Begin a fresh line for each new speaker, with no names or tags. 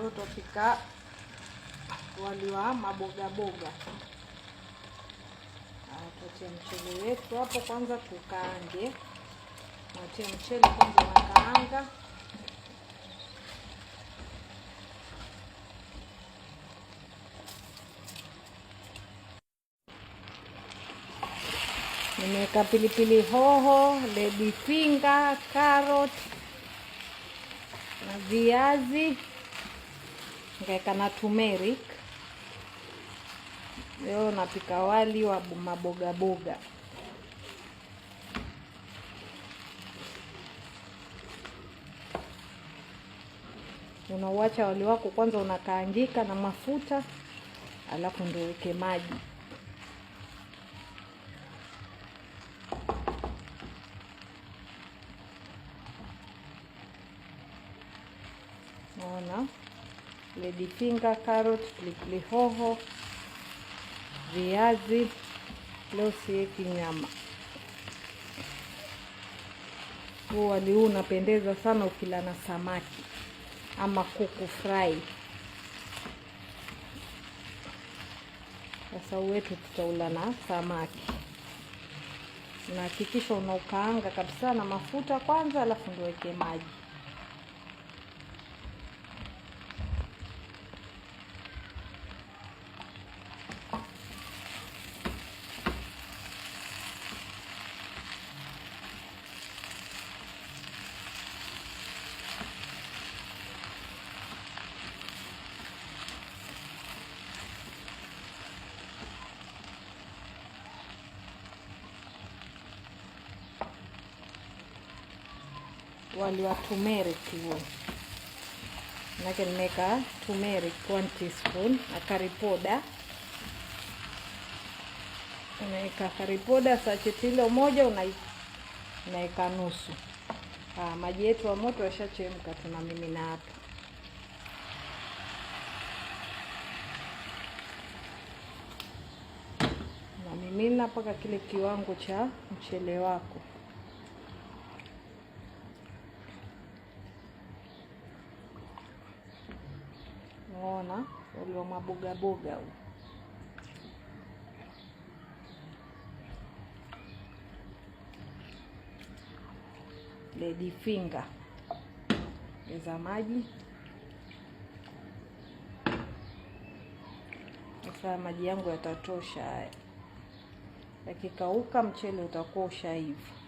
leo tupika wali wa mabogaboga. Tutie mchele wetu hapo kwanza, tukaange. Natia mchele kwanza, nakaanga Nimeweka pilipili hoho, lady finger, carrot na viazi nikaweka na turmeric. Leo napika wali wa maboga boga. Unauacha wali wako kwanza unakaangika na mafuta, alafu ndio uweke maji. Naona lady finger, carrot, pilipili hoho, viazi. Leo sieki nyama. Huu wali huu unapendeza sana ukila na samaki ama kuku fry. Sasa wetu tutaula na samaki. Unahakikisha unaukaanga kabisa na mafuta kwanza, alafu ndio weke maji. wali wa turmeric huo, manake nimeweka turmeric 1 teaspoon na karipoda unaweka karipoda sachet ile moja unaweka nusu. Ah, maji yetu wa moto yashachemka, tunamimina hapa. Unamimina mpaka kile kiwango cha mchele wako. ng'ona ulio mabogaboga huu lady finger geza maji sasa maji yangu yatatosha haya yakikauka mchele utakuwa ushaiva